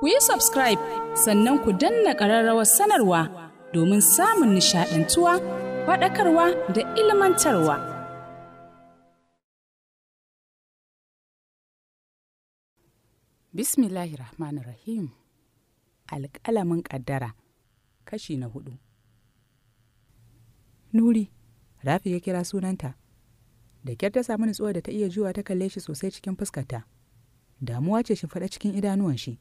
ku yi subscribe sannan ku danna ƙararrawar sanarwa domin samun nishaɗantuwa faɗakarwa da ilmantarwa. Bismillahir Rahmanir Rahim Alƙalamin ƙaddara kashi na hudu Nuri, Rafi ya kira sunanta, da kyar ta sami nutsuwa da ta iya juwa ta kalle shi sosai cikin fuskarta. Damuwa ce shi faɗa cikin idanuwan shi.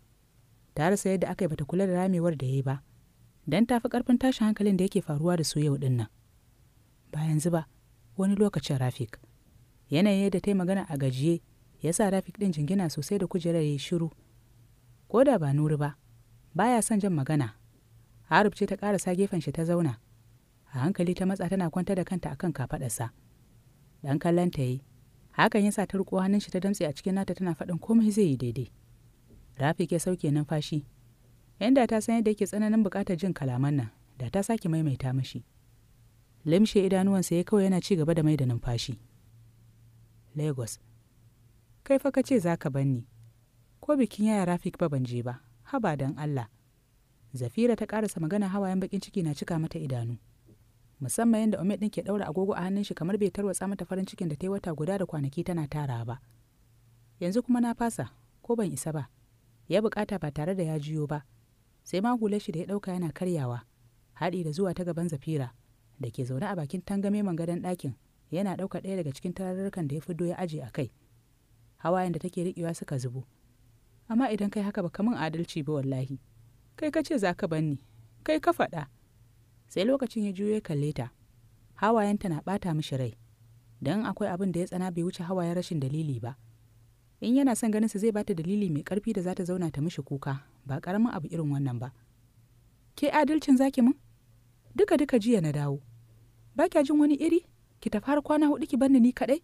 ta rasa yadda aka yi bata kula da ramewar da ya yi ba don ta fi ƙarfin tashin hankalin da yake faruwa da su yau ɗin nan ba yanzu wani lokacin rafik yanayin yadda ta yi magana a gajiye ya sa rafik ɗin jingina sosai da kujerar ya shiru ko da ba nuri ba baya son jan magana harub ce ta sa gefen shi ta zauna a hankali ta matsa tana kwanta da kanta akan kafaɗarsa ɗan kallon ta yi hakan ya sa ta riƙo hannun shi ta damtse a cikin nata tana faɗin komai zai yi daidai Rafik ya sauke numfashi. Yan da ta san yadda yake tsananin buƙatar jin kalaman nan, da ta sake maimaita mashi. Limshe idanuwansa ya kawai yana ci gaba da mai da numfashi. Lagos. Kai fa ka ce za ka banni. Ko bikin yaya Rafik ba ban je ba, haba don Allah. Zafira ta ƙarasa magana hawayen bakin ciki na cika mata idanu. Musamman yadda Omed din ke daura agogo a hannun shi kamar bai tarwatsa mata farin cikin da ta yi wata guda da kwanaki tana tara ba. Yanzu kuma na fasa, ko ban isa ba. ya bukata ba tare da ya jiyo ba sai ma hular shi da ya dauka yana karyawa haɗi da zuwa ta gaban zafira da ke zaune a bakin tangame gadan ɗakin yana ɗauka ɗaya daga cikin tararrukan da ya fido ya aje a kai hawayen da take riƙewa suka zubo amma idan kai haka baka mun adalci ba wallahi kai kace ce za ka banni kai ka faɗa sai lokacin ya juyo ya kalle ta hawayenta na ɓata mishi rai don akwai abin da ya tsana bai wuce hawayen rashin dalili ba in yana son ganin su zai bata dalili mai karfi da za ta zauna ta mishi kuka ba karamin abu irin wannan ba ke adalcin zaki mun duka duka jiya na dawo ba kya jin wani iri ki tafi har kwana hudu ki banni ni kadai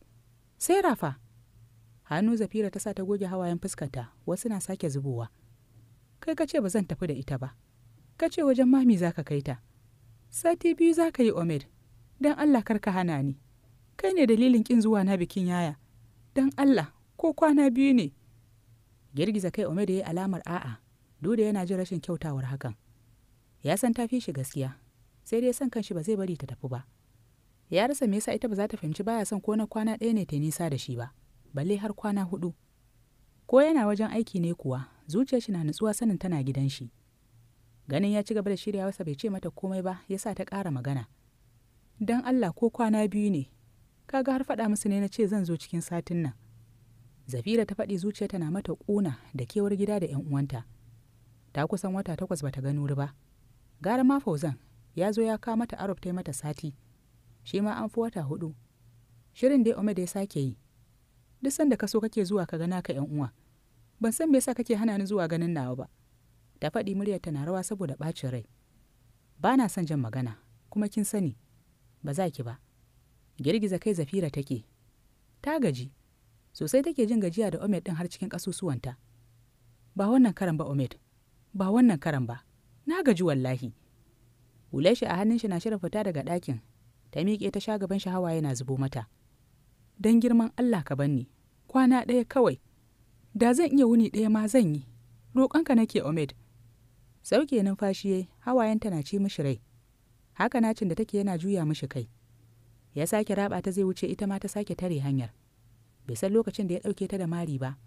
sai rafa hannu zafira ta sa ta goge hawayen fuskarta wasu na sake zubowa kai ka ce ba zan tafi da ita ba ka ce wajen mami za ka kai ta sati biyu za ka yi omed don allah kar ka hana ni kai ne dalilin kin zuwa na bikin yaya don allah ko kwana biyu ne girgiza kai ome da ya alamar a'a duda yana jin rashin kyautawar hakan ya san ta fi shi gaskiya sai dai son kanshi ba zai bari ta tafi ba ya rasa me yasa ita ba za ta fahimci baya son ko na kwana ɗaya ne ta nisa da shi ba balle har kwana hudu ko yana wajen aiki ne kuwa zuciyar shi na nutsuwa sanin tana gidan shi ganin ya ci gaba da shirya wasa bai ce mata komai ba ya sa ta ƙara magana dan allah ko kwana biyu ne kaga har faɗa musu ne na ce zan zo cikin satin nan zafira ta faɗi zuciya tana mata ƙuna da kewar gida da 'yan uwanta ta kusan wata takwas bata ga nuri ba gara ma fauzan ya zo ya kawo mata arab ta mata sati shi ma an fi wata hudu shirin dai da ya sake yi duk sanda ka so kake zuwa ka gana ka yan uwa ban san me yasa kake hana ni zuwa ganin nawa ba ta faɗi muryar na rawa saboda ɓacin rai ba na son jan magana kuma kin sani ba za ki ba girgiza kai zafira take ta gaji sosai take jin gajiya da omet ɗin har cikin ƙasusuwanta ba wannan karan ba omet ba wannan karan ba na gaji wallahi shi a hannun shi na shirin fita daga ɗakin ta miƙe ta sha gaban shi hawaye yana zubo mata don girman allah ka banni kwana ɗaya kawai da zan iya wuni ɗaya ma zan yi roƙonka nake omed sauke numfashi hawayenta na ci mishi rai haka nacin da take yana juya mishi kai ya sake raba ta zai wuce ita ma ta sake tare hanyar bai san lokacin da ya ɗauke ta da mari ba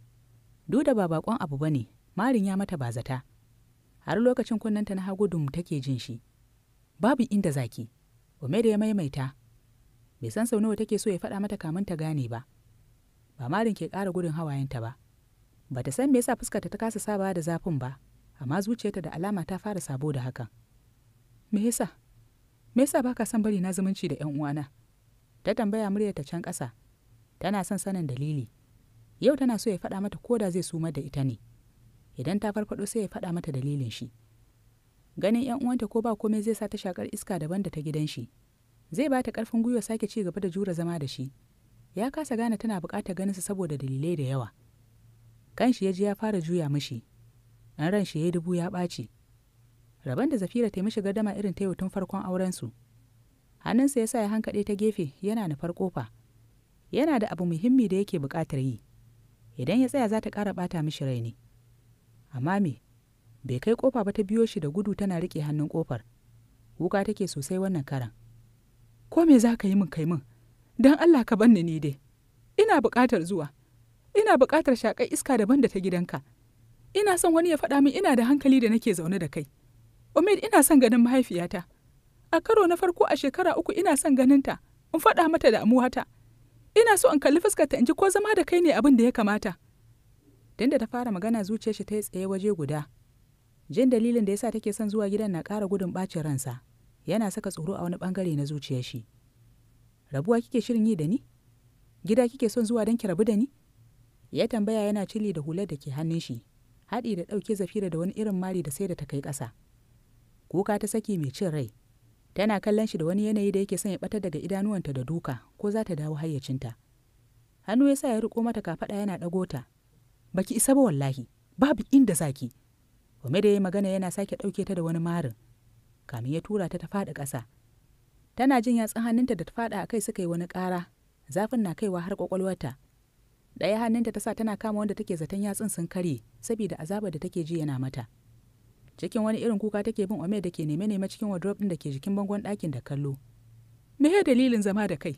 duk da ba baƙon abu ba ne marin ya mata bazata har lokacin kunnanta na hagu dum take jin shi babu inda zaki da ya maimaita bai san sau nawa take so ya faɗa mata kamun ta gane ba ba marin ke ƙara gudun hawayenta ba ba ta san me yasa fuskarta ta kasa saba da zafin ba amma zuciyarta da alama ta fara sabo da hakan me yasa me yasa baka son bari na zumunci da 'yan uwana ta tambaya muryarta can ƙasa tana son sanin dalili yau tana so ya faɗa mata ko da zai sumar da ita ne idan ta farfaɗo sai ya faɗa mata dalilin shi ganin yan uwanta ko ba komai zai sa ta shakar iska daban da ta gidan shi zai bata ta ƙarfin gwiwa sake ci gaba da jura zama da shi ya kasa gane tana buƙatar ganin su saboda dalilai da yawa Kan shi ya ji ya fara juya mishi an ran shi ya dubu ya ɓaci rabon da zafira ta mishi gardama irin ta tun farkon aurensu hannunsa ya sa ya hankaɗe ta gefe yana nufar ƙofa yana da abu muhimmi da yake buƙatar yi idan ya tsaya za ta ƙara ɓata mishi rai ne amma me bai kai ƙofa ba ta biyo shi da gudu tana riƙe hannun ƙofar wuka take sosai wannan karan ko me za ka yi min kai min don allah ka banni ni dai ina buƙatar zuwa ina buƙatar shaƙar iska daban da ta gidanka ina son wani ya faɗa min ina da hankali da nake zaune da kai Omid, ina son ganin mahaifiyata a karo na farko a shekara uku ina son ganinta in faɗa mata damuwata ina so in kalli fuskarta in ji ko zama da kai ne abin da ya kamata tun da ta fara magana zuciyar shi ta yi tsaye waje guda jin dalilin da yasa take son zuwa gidan na kara gudun ɓacin ransa yana saka tsoro a wani ɓangare na zuciyar shi rabuwa kike shirin yi da ni gida kike son zuwa don ki rabu da ni ya tambaya yana cili da hular da ke hannun shi haɗi da ɗauke zafira da wani irin mari da sai da ta kai ƙasa kuka ta saki mai cin rai tana kallon shi da wani yanayi da yake son ya batar daga idanuwanta da duka ko za ta dawo hayyacinta hannu ya sa ya riko mata kafaɗa yana ɗago ta baki isa ba wallahi babu inda zaki Ome da ya magana yana sake ɗauke ta da wani marin kamin ya tura ta ta faɗi ƙasa tana jin yatsun hannunta da ta faɗa a kai suka yi wani ƙara zafin na kaiwa har ƙwaƙwalwarta ɗaya hannunta ta sa tana kama wanda take zaton yatsun sun karye saboda azabar da take ji yana mata cikin wani irin kuka take bin Omer da ke neme neme cikin wardrobe ɗin da ke jikin bangon ɗakin da kallo me ya dalilin zama da kai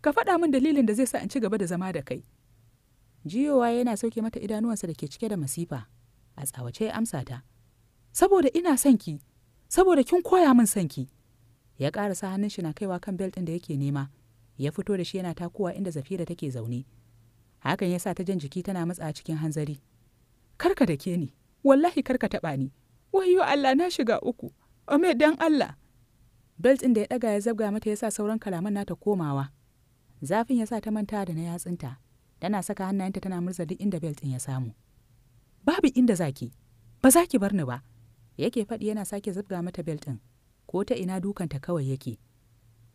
ka faɗa min dalilin da zai sa in ci gaba da zama da kai jiyowa yana sauke mata idanuwansa da ke cike da masifa a tsawace ya amsa ta saboda ina son ki saboda kin koya min son ki ya ƙarasa hannun shi na kaiwa kan belt ɗin da yake nema ya fito da shi yana takowa inda zafira take zaune hakan ya sa ta jan jiki tana matsa cikin hanzari karka da ke ni wallahi karka taɓa ni wayo Allah na shiga uku. Ome dan Allah. Belt ɗin da ya ɗaga ya zabga mata ya sa sauran kalaman nata komawa. Zafin ya sa ta manta da na yatsunta. Tana saka hannayenta tana murza duk inda belt ɗin ya samu. Babu inda zaki. Ba zaki bar ni ba. Yake faɗi yana sake zabga mata belt ɗin. Ko ta ina dukanta kawai yake.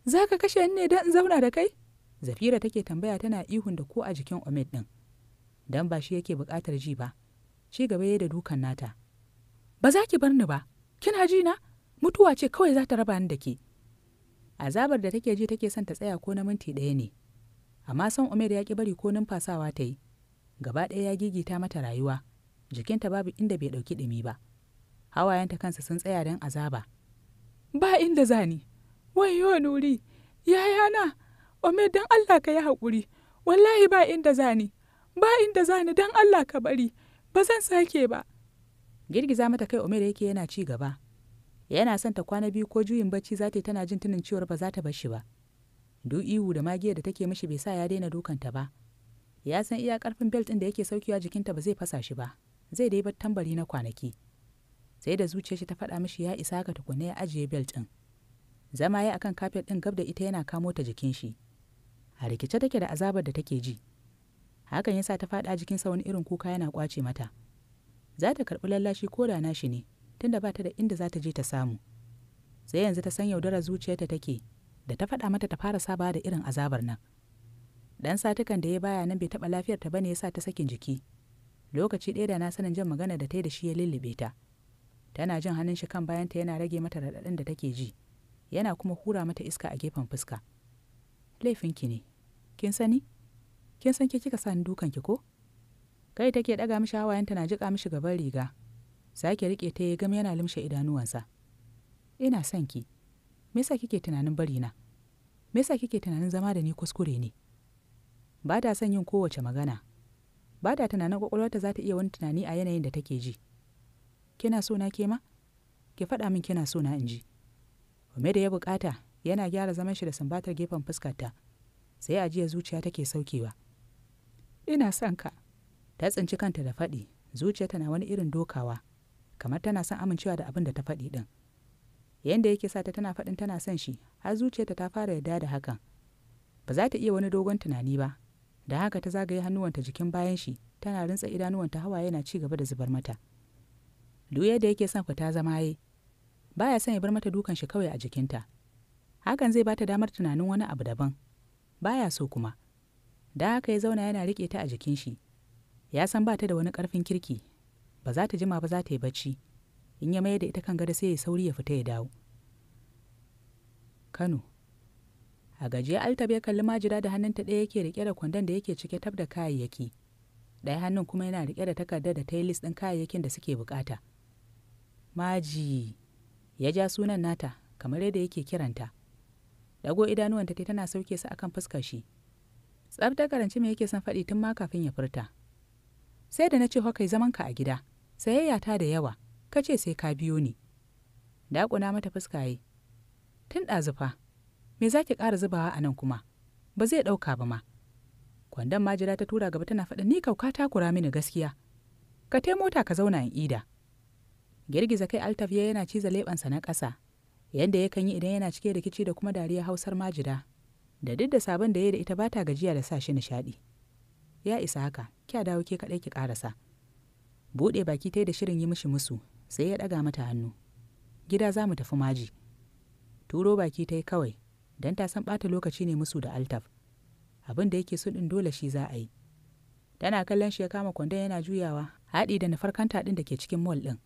Za ka kashe ni ne don in zauna da kai? Zafira take tambaya tana ihun da ko a jikin Omid ɗin. Dan ba shi yake buƙatar ji ba. Ci gaba ya da dukan nata. ba za ki bar ni ba kina ji na mutuwa ce kawai za ta raba ni da ke azabar da take ji take son ta tsaya ko na minti ɗaya ne amma san umar ya ki bari ko numfasawa ta yi gaba ɗaya ya gigita mata rayuwa jikinta babu inda bai ɗauki ɗumi ba hawayenta kansa sun tsaya don azaba ba inda zani wayo nuri yayana ome don allah ka yi haƙuri wallahi ba inda zani ba inda zani don allah ka bari ba zan sake ba girgiza mata kai umar yake yana ci gaba yana son ta kwana biyu ko juyin bacci za ta yi tana jin tunin cewar ba za ta bar shi ba duk ihu da magiyar da take mishi bai sa ya daina dukanta ba ya san iya karfin belt ɗin da yake saukewa jikinta ba zai fasa shi ba zai dai bar tambari na kwanaki sai da zuciyar shi ta faɗa mishi ya isa ka tukunna ya ajiye belt ɗin zama ya akan kafet ɗin gab da ita yana kamo ta jikin shi a rikice take da azabar da take ji hakan yasa ta faɗa jikin sa wani irin kuka yana kwace mata za ta karɓi lallashi ko da nashi ne tunda ba ta da inda za ta je ta samu sai yanzu ta san yaudara zuciyarta take da ta faɗa mata ta fara saba da irin azabar nan dan satukan da ya baya nan bai taɓa lafiyarta ba ne ya sa ta sakin jiki lokaci ɗaya da na sanin jan magana da ta yi da shi ya lullube ta tana jin hannun shi kan bayanta yana rage mata raɗaɗin da take ji yana kuma hura mata iska a gefen fuska laifinki ne kin sani kin san ke kika sani dukanki ko kai take ɗaga mishi hawayenta na jiƙa mishi gaban riga sake riƙe ta ya gami yana limshe idanuwansa ina son ki me yasa kike tunanin bari na me yasa kike tunanin zama da ni kuskure ne ba ta son yin kowace magana ba ta tunanin kwakwalwarta za ta iya wani tunani a yanayin da take ji kina so na ke ma ki faɗa min kina so na in ji da ya bukata yana gyara zaman shi da sambatar gefen fuskarta sai ajiya zuciya take saukewa ina son ka ta tsinci kanta da faɗi zuciyarta na wani irin dokawa kamar tana son amincewa da abin da ta faɗi ɗin Yadda yake sa ta tana faɗin tana son shi har zuciyarta ta fara yarda da hakan ba za ta iya wani dogon tunani ba da haka ta zagaye hannuwanta jikin bayan shi tana rintsa idanuwanta hawa yana ci gaba da zubar mata duk yadda yake son fita zama yi baya son ya bar mata dukan shi kawai a jikinta hakan zai bata damar tunanin wani abu daban baya so kuma da haka ya zauna yana riƙe ta a jikin shi ya san ba ta da wani ƙarfin kirki ba za ta jima ba za ta yi bacci in ya mayar da ita kan gada sai ya sauri ya fita ya dawo kano a gajiya altab ya kalli majira da hannunta ɗaya yake riƙe da kwandon da yake cike tab da kayayyaki ɗaya hannun kuma yana riƙe da takardar da ta yi list ɗin kayayyakin da suke buƙata maji ya ja sunan nata kamar yadda yake kiranta dago idanuwanta tana sauke su akan fuskar shi tsaf karanci me yake son faɗi tun ma kafin ya furta sai da na ce hokai zaman ka a gida sayayya ta da yawa ka ce sai ka biyo ni daƙuna mata fuska fuskaye tun ɗazufa me za ki ƙara zubawa a nan kuma ba zai ɗauka ba ma kwandon majira ta tura gaba tana faɗa ni kauka takura mini gaskiya ka tai mota ka zauna in ida girgiza kai altafiya yana ciza leɓansa na ƙasa yadda ya kan yi idan yana cike da kici da kuma dariya hausar majida da duk da sabon da ya da ita ba ta gajiya da sa shi nishaɗi ya isa haka kya dawo ke kaɗai ki ƙarasa buɗe baki ta da shirin yi mishi musu sai ya ɗaga mata hannu gida za mu tafi maji turo baki ta yi kawai Dan ta san ɓata lokaci ne musu da altaf abin da yake so ɗin dole shi za a yi tana kallon shi ya kama kwandon yana juyawa haɗi da nufar kanta ɗin da ke cikin mol ɗin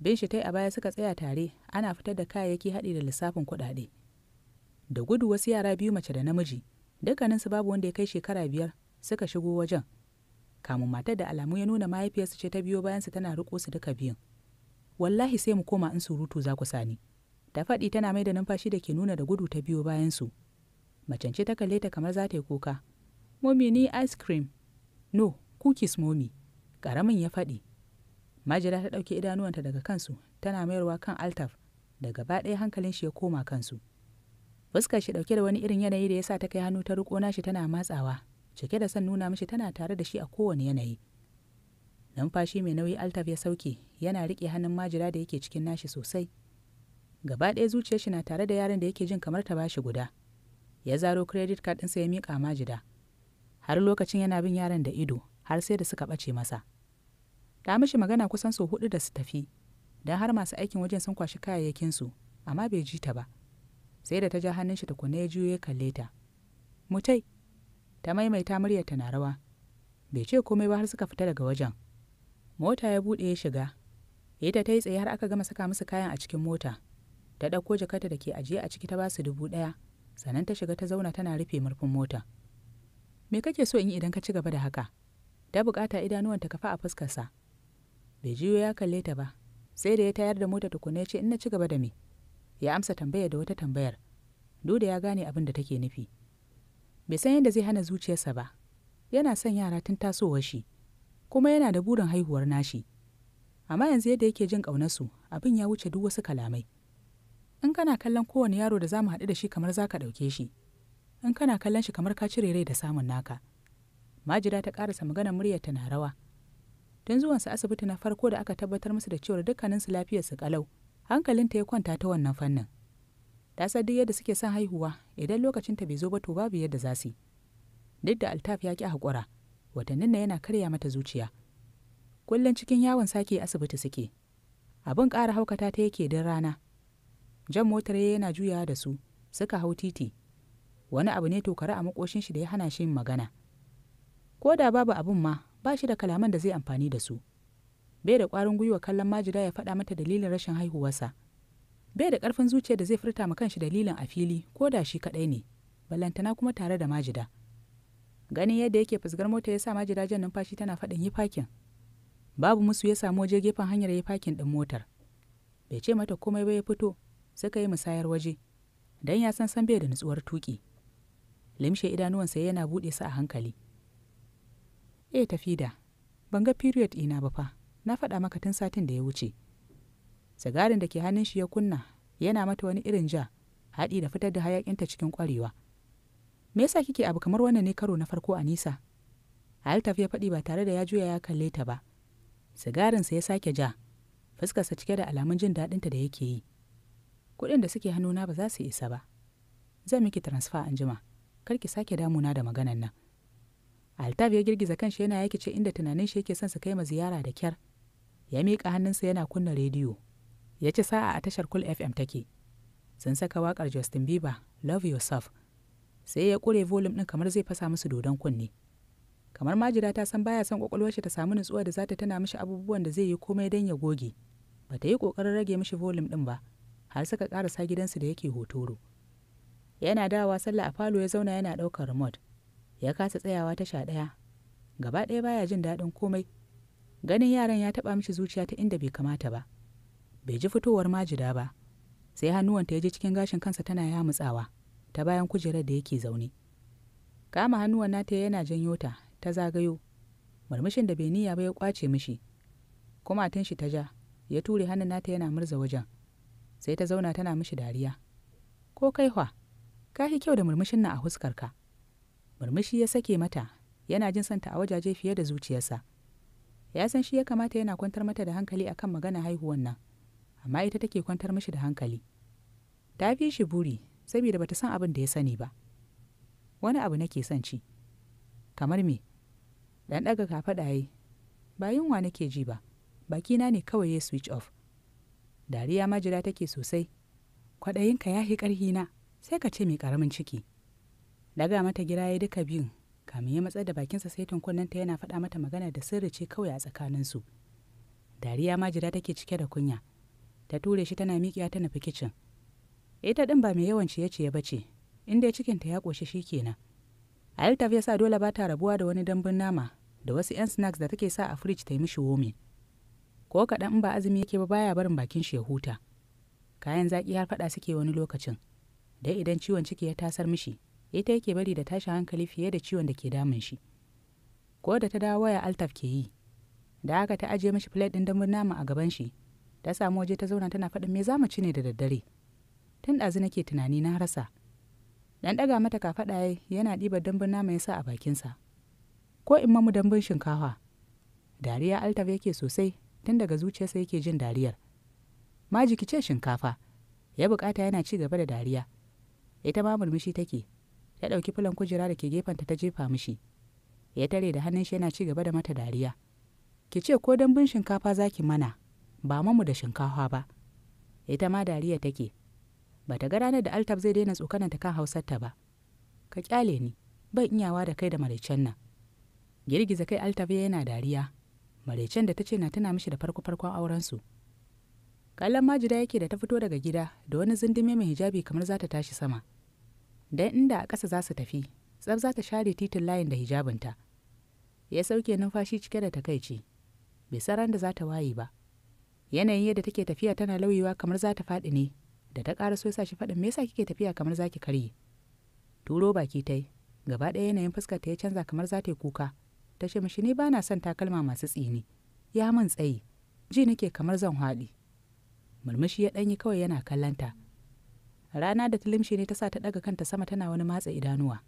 bin shi ta a baya suka tsaya tare ana fitar da kayayyaki haɗi da lissafin kuɗaɗe da gudu wasu yara biyu mace da namiji dukkaninsu babu wanda ya kai shekara biyar suka shigo wajen kamun matar da alamu ya nuna mahaifiyarsu ce ta biyo bayansu tana riko su duka biyun wallahi sai mu koma in surutu za ku sani ta faɗi tana mai da numfashi da ke nuna da gudu ta biyo bayansu macance ta kalle ta kamar za ta yi kuka momi ni ice cream no cookies momi ƙaramin ya faɗi majira ta ɗauke idanuwanta daga kansu tana mayarwa kan altaf da gaba ɗaya hankalin shi ya koma kansu fuskar shi ɗauke da wani irin yanayi da ya sa ta kai hannu ta riƙo nashi tana matsawa cike da son nuna mishi tana tare da shi a kowane yanayi numfashi mai nauyi altaf ya sauke yana riƙe hannun majira da yake cikin nashi sosai gaba ɗaya zuciyar shi na tare da yaran da yake jin kamar ta bashi guda ya zaro credit card ɗinsa ya miƙa majida har lokacin yana bin yaran da ido har sai da suka ɓace masa ta mishi magana kusan sau hudu da su tafi don har masu aikin wajen sun kwashi kayayyakinsu amma bai ji ta ba sai da ta ja hannun shi tukunna ya juyo ya kalle ta mutai ta maimaita muryarta ta na rawa bai ce komai ba har suka fita daga wajen mota ya buɗe ya shiga ita ta yi tsaye har aka gama saka musu kayan a cikin mota ta ɗauko jakarta da ke ajiye a ciki ta basu dubu ɗaya sannan ta shiga ta zauna tana rufe murfin mota me kake so in yi idan ka ci gaba da haka ta buƙata idanuwan ta kafa a fuskarsa bai jiyo ya kalle ta ba sai da ya tayar da mota tukuna ya ce in na ci gaba da me ya amsa tambaya da wata tambayar duk da ya gane abin da take nufi bai san yadda zai hana zuciyarsa ba yana son yara tun tasowar shi kuma yana da burin haihuwar nashi amma yanzu yadda yake jin ƙaunarsu abin ya wuce duk wasu kalamai in kana kallon kowane yaro da za mu haɗu da shi kamar za ka ɗauke shi in kana kallon shi kamar ka cire rai da samun naka majida ta ƙarasa magana muryarta na rawa don zuwansa asibiti na farko da aka tabbatar musu da cewar dukkaninsu lafiyarsu ƙalau hankalinta ya kwanta ta wannan fannin ta san duk yadda suke son haihuwa idan lokacin ta bai zo ba to babu yadda za su duk da altaf ya ki haƙura watannin na yana karya mata zuciya kullum cikin yawon sake asibiti suke abin ƙara haukata ta yake din rana jan motar yana juyawa da su suka hau titi wani abu ne tokare a makoshin shi da ya hana shi yin magana ko da babu abin ma ba shi da kalaman da zai amfani da su bai da ƙwarin gwiwa kallon majida ya faɗa mata dalilin rashin haihuwarsa bai da karfin zuciya da zai furta ma kanshi dalilin a fili ko da shi kaɗai ne balantana kuma tare da majida ganin yadda yake fusgar mota ya sa majida jan numfashi tana faɗin yi fakin babu musu ya samu waje gefen hanyar yi fakin ɗin motar bai ce mata komai ba ya fito suka yi musayar waje Dan ya san san bai da nutsuwar tuƙi limshe idanuwansa yana buɗe su a hankali eh tafida da ban ga period ina ba fa na faɗa maka tun satin da ya wuce sigarin da ke hannun shi ya kunna yana mata wani irin ja haɗi da fitar da hayaƙinta cikin ƙwarewa me yasa kike abu kamar wannan ne karo na farko a nisa altaf ya faɗi ba tare da ya juya ya kalle ta ba sigarinsa ya sake ja fuskarsa cike da alamun jin daɗinta da yake yi kuɗin da suke hannuna ba za su isa ba zan miki transfer an jima kar ki sake damuna da maganan nan altaf ya girgiza kanshi yana yake ce inda tunanin shi yake son su kai ma ziyara da kyar ya miƙa hannunsa yana kunna rediyo ya ci sa'a a tashar cool fm take sun saka waƙar justin bieber love yourself sai ya ƙure volum ɗin kamar zai fasa musu dodon kunne kamar majira ta san baya son ƙwaƙwalwar shi ta samu nutsuwa da za ta tana mishi abubuwan da zai yi komai don ya goge ba ta yi ƙoƙarin rage mishi volum ɗin ba har suka ƙarasa gidansu da yake hotoro yana dawa sallah a falo ya zauna yana ɗaukar remote ya kasa tsayawa tasha ɗaya gaba ɗaya baya jin daɗin komai ganin yaran ya taɓa mishi zuciya ta inda bai kamata ba bai ji fitowar majida ba sai hannuwanta ya ji cikin gashin kansa tana yamutsawa ta bayan kujerar da yake zaune kama hannuwan nata yana janyo ta ta zagayo murmushin da bai niyya ba ya kwace mishi kuma tun shi ta ja ya ture hannun nata yana murza wajen sai ta zauna tana mishi dariya ko kai hwa ka yi kyau da murmushin na a huskarka murmushi ya sake mata yana jin santa a wajaje fiye da zuciyarsa ya san shi ya kamata yana kwantar mata da hankali akan magana haihuwan nan amma ita take kwantar mishi da hankali ta fi shi buri saboda bata san abin da ya sani ba wani abu nake son ci kamar me dan daga ka faɗa yi ba yunwa nake ji ba bakina ne kawai ya switch off dariya majira take sosai kwaɗayinka ya hi ƙarhina sai ka ce mai ƙaramin ciki daga mata gira ya duka biyun kamin ya matsar da bakinsa sai tunkunnanta yana faɗa mata magana da sirri ce kawai a tsakaninsu dariya majira take cike da kunya ta ture shi tana miƙiya tana nufi kicin ita ɗin ba mai yawan ciye-ciye ba ce inda cikinta ya ƙoshi shi kenan altaf ya sa dole ba ta rabuwa da wani dambun nama da wasu 'yan snacks da take sa a firij ta yi mishi womi ko kaɗan in ba azumi yake ba baya barin bakin shi ya huta kayan zaƙi har faɗa suke wani lokacin dai idan ciwon ciki ya tasar mishi ita yake bari da tashin hankali fiye da ciwon da ke damun shi ko da ta dawo waya altaf ke yi da haka ta ajiye mishi plate ɗin dambun nama a gaban shi ta samu waje ta zauna tana faɗin me za mu ci ne da daddare tun ɗazu nake tunani na rasa Ɗan ɗaga mata kafaɗa yana ɗiba dambun nama ya sa a bakinsa ko in mu dambun shinkafa dariya altaf yake sosai tun daga zuciyarsa yake jin dariyar ma ce shinkafa ya bukata yana ci gaba da dariya ita ma murmushi take ta ɗauki filan kujera da ke gefenta ta jefa mishi ya tare da hannun shi yana ci gaba da mata dariya ki ce ko dambun shinkafa zaki mana ba mamu da shinkawa ba ita ma dariya take ba ta ga ranar da altab zai daina ta kan hausarta ba ka kyale ni ban iyawa da kai da maraicen nan girgiza kai altab yana dariya maraicen da ta ce na tana mishi da farko farkon auren su kallon majida yake da ta fito daga gida da wani zindime mai hijabi kamar za ta tashi sama dan inda a ƙasa za su tafi tsab za ta share titin layin da hijabinta ya sauke numfashi cike da takaici bai saran da za ta waye ba yanayin yadda take tafiya tana lauyewa kamar za ta faɗi ne da ta ƙara so shi faɗin me yasa kike tafiya kamar za ki karye turo baki ta gaba ɗaya yanayin fuskar ta ya canza kamar za ta yi kuka ta ce mishi ni ba na son takalma masu tsini ya min tsayi ji nake kamar zan haɗi murmushi ya ɗanyi kawai yana kallanta rana da tulimshi ne ta sa ta ɗaga kanta sama tana wani matsa idanuwa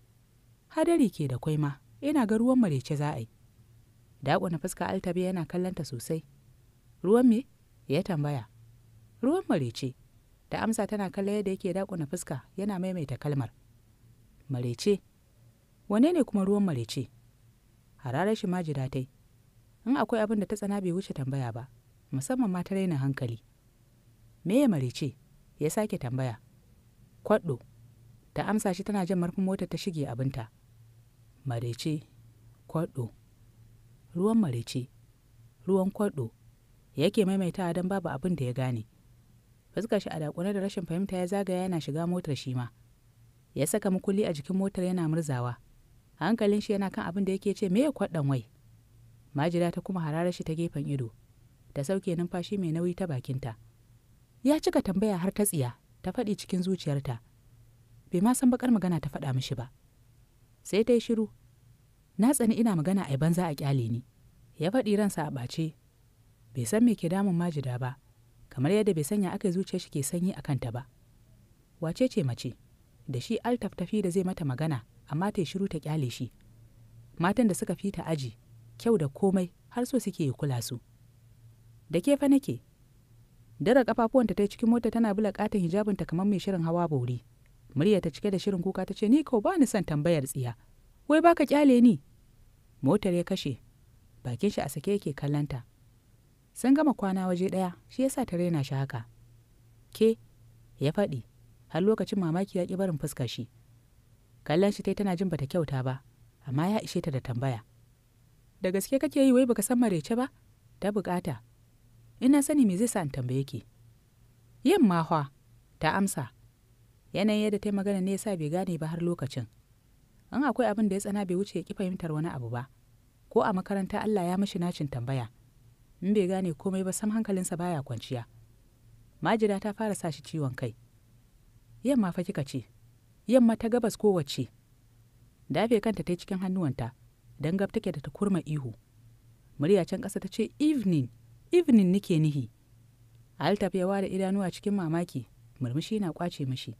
hadari ke da kwai ma ina ga ruwan marece za a yi daƙo na fuska altabe yana kallanta sosai ruwan me ya tambaya ruwan marece da amsa tana kalla yadda yake dakuna fuska yana maimaita kalmar marece wane ne kuma ruwan marece hararar shi majira tai in akwai abin da ta tsana bai wuce tambaya ba musamman ma ta raina hankali me marece ya sake tambaya kwaɗo ta amsa shi tana jan marfin motar ta shige abinta marece kwaɗo ruwan marece ruwan kwaɗo yake maimaitawa don babu abin da ya gane fuskar shi a dakune da rashin fahimta ya zagaya yana shiga motar shi ma ya saka mukulli a jikin motar yana murzawa hankalin shi yana kan abin da yake ce me ya kwaɗan wai majira ta kuma hararar shi ta gefen ido ta sauke numfashi mai nauyi ta bakinta ya cika tambaya har ta tsiya ta faɗi cikin zuciyarta bai ma san bakar magana ta faɗa mishi ba sai ta yi shiru na tsani ina magana a banza a kyale ni ya faɗi ransa a ɓace bai san me ke damun majida ba kamar yadda bai sanya aka zuciyar shi ke sanyi a kanta ba wace ce mace da shi altaf tafi da zai mata magana amma ta shiru ta kyale shi matan da suka fi ta aji kyau da komai har so suke yi kula su da ke fa nake dara kafafuwanta ta cikin mota tana bula katin hijabinta kamar mai shirin hawa bori murya ta cike da shirin kuka ta ce ni ko ba ni son tambayar tsiya wai baka kyale ni motar ya kashe bakin shi a sake yake kallanta sun gama kwana waje ɗaya shi yasa ta raina shi haka ke ya faɗi har lokacin mamaki ya ƙi barin fuska shi kallon shi tai tana jin bata kyauta ba amma ya ishe ta da tambaya da gaske kake yi wai baka san marece ba ta bukata ina sani me zai sa in tambaye ki yin mahwa ta amsa yanayin yadda ta magana ne yasa bai gane ba har lokacin in akwai abin da ya tsana bai wuce ya ƙi fahimtar wani abu ba ko a makaranta Allah ya mashi nacin tambaya in bai gane komai ba sam hankalinsa baya kwanciya majida ta fara sa shi ciwon kai yamma fa kika ce yamma ta gabas kowace dafe kanta ta cikin hannuwanta don gab take da ta kurma ihu murya can ƙasa ta ce evening evening nike nihi altaf ya ware idanuwa cikin mamaki murmushi na kwace mishi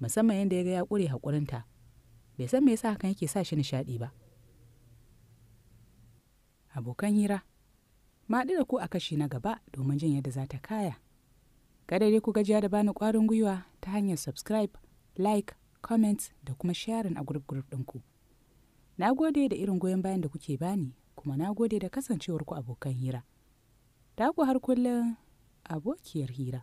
musamman yadda ya ga ya ƙure haƙurinta bai san me yasa hakan yake sa shi nishaɗi ba abokan hira Maɗu da ku a kashe na gaba domin jin yadda za ta kaya. Kada dai ku gajiya da bani ƙwarin gwiwa ta hanyar subscribe, like, comment da kuma sharing a group ɗinku. Na gode da irin goyon bayan da kuke bani kuma na gode da kasancewar kasancewarku abokan hira. Ta ku har kullum abokiyar hira.